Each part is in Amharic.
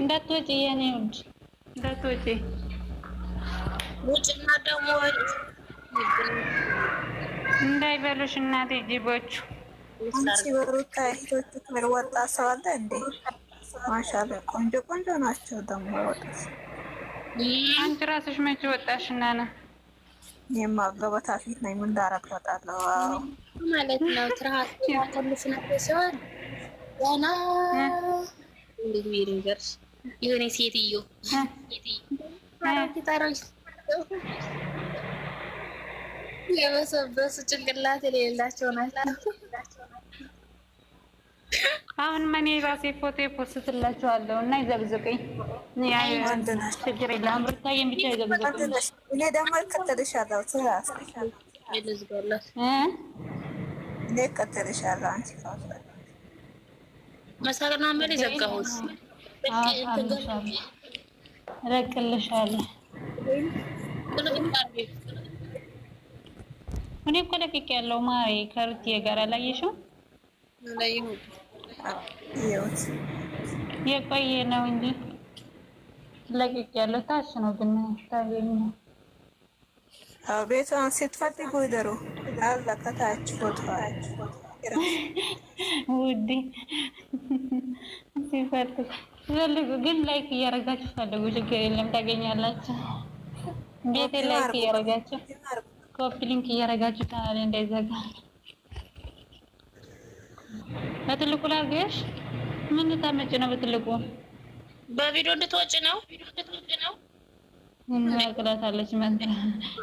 እንዳትወጪ የኔ ውድ እንዳትወጪ። ውጭና ደግሞ እንዳይበሉሽ እናቴ ጅቦቹ ሲበሩታ ሂቶቹ ወጣ ሰው አለ እንዴ? ማሻለ ቆንጆ ቆንጆ ናቸው ደግሞ ወጣ አንቺ ራስሽ መቼ ወጣሽና ነው የማገበታ ፊት ነኝ። ምን ዳረግ እወጣለሁ ማለት ነው። ትርሃት ትንሽ ነገር ሲሆን ገና እንዴት የሆነ ሴትዮ የበሰበሱ ጭንቅላት የሌላቸው ናቸው። አሁን እኔ የራሴ ፎቶ ፖስትላችኋለሁ እና ይዘብዝቀኝ። ችግር የለም ብርታዬን ብቻ ይዘብዝቀኝ። እኔ ደግሞ እከተልሻለሁ። እኔ እከተልሻለሁ። አንቺ መሳቅና መል እኮ ለቅቄያለሁ። ማሬ ከሩትዬ ጋር አላየሽውም? የቆየ ነው እንጂ ለቅቅ ያለው ታች ነው። ብናታገኘ ቤቷን ስትፈልጉ ይደሩ ከታች ፎቶ ውዴ ሲፈልጉ ግን ላይክ እያደረጋችሁ ፈልጉ። ችግር የለም ታገኛላችሁ። ቤቴ ላይክ እያደረጋችሁ ኮፒ ሊንክ እያደረጋችሁ ታናል እንዳይዘጋ በትልቁ ላድርግሽ። ምን ልታመጪ ነው? በትልቁ በቪዲዮ እንድትወጪ ነው። ምን ቅላታለች መጣ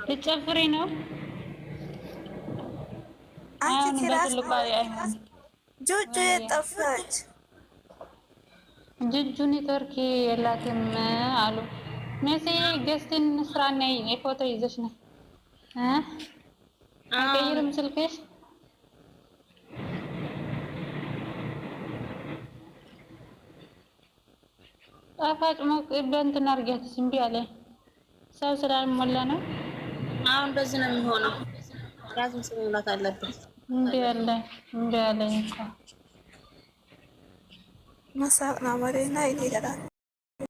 ልጨፍሪ ነው። አሁን በትልቁ ጁጁ የጠፋች ጁጁ ኔትወርክ የላትም አሉ። ሜሴ ገስቲን ስራ ነይ ፎቶ ይዘሽ ነው እ አትቀይርም ስልክሽ ጣፋጭ ሞቅ በእንትን አድርጊያት ዝም ብዬሽ አለ ሰው ስላልሞላ ነው። አሁን እንደዚህ ነው የሚሆነው። ራሱ መሙላት አለበት። እንዴ አለ እንዴ አለ ይንካ ማሳቅ ነው ማለት ነው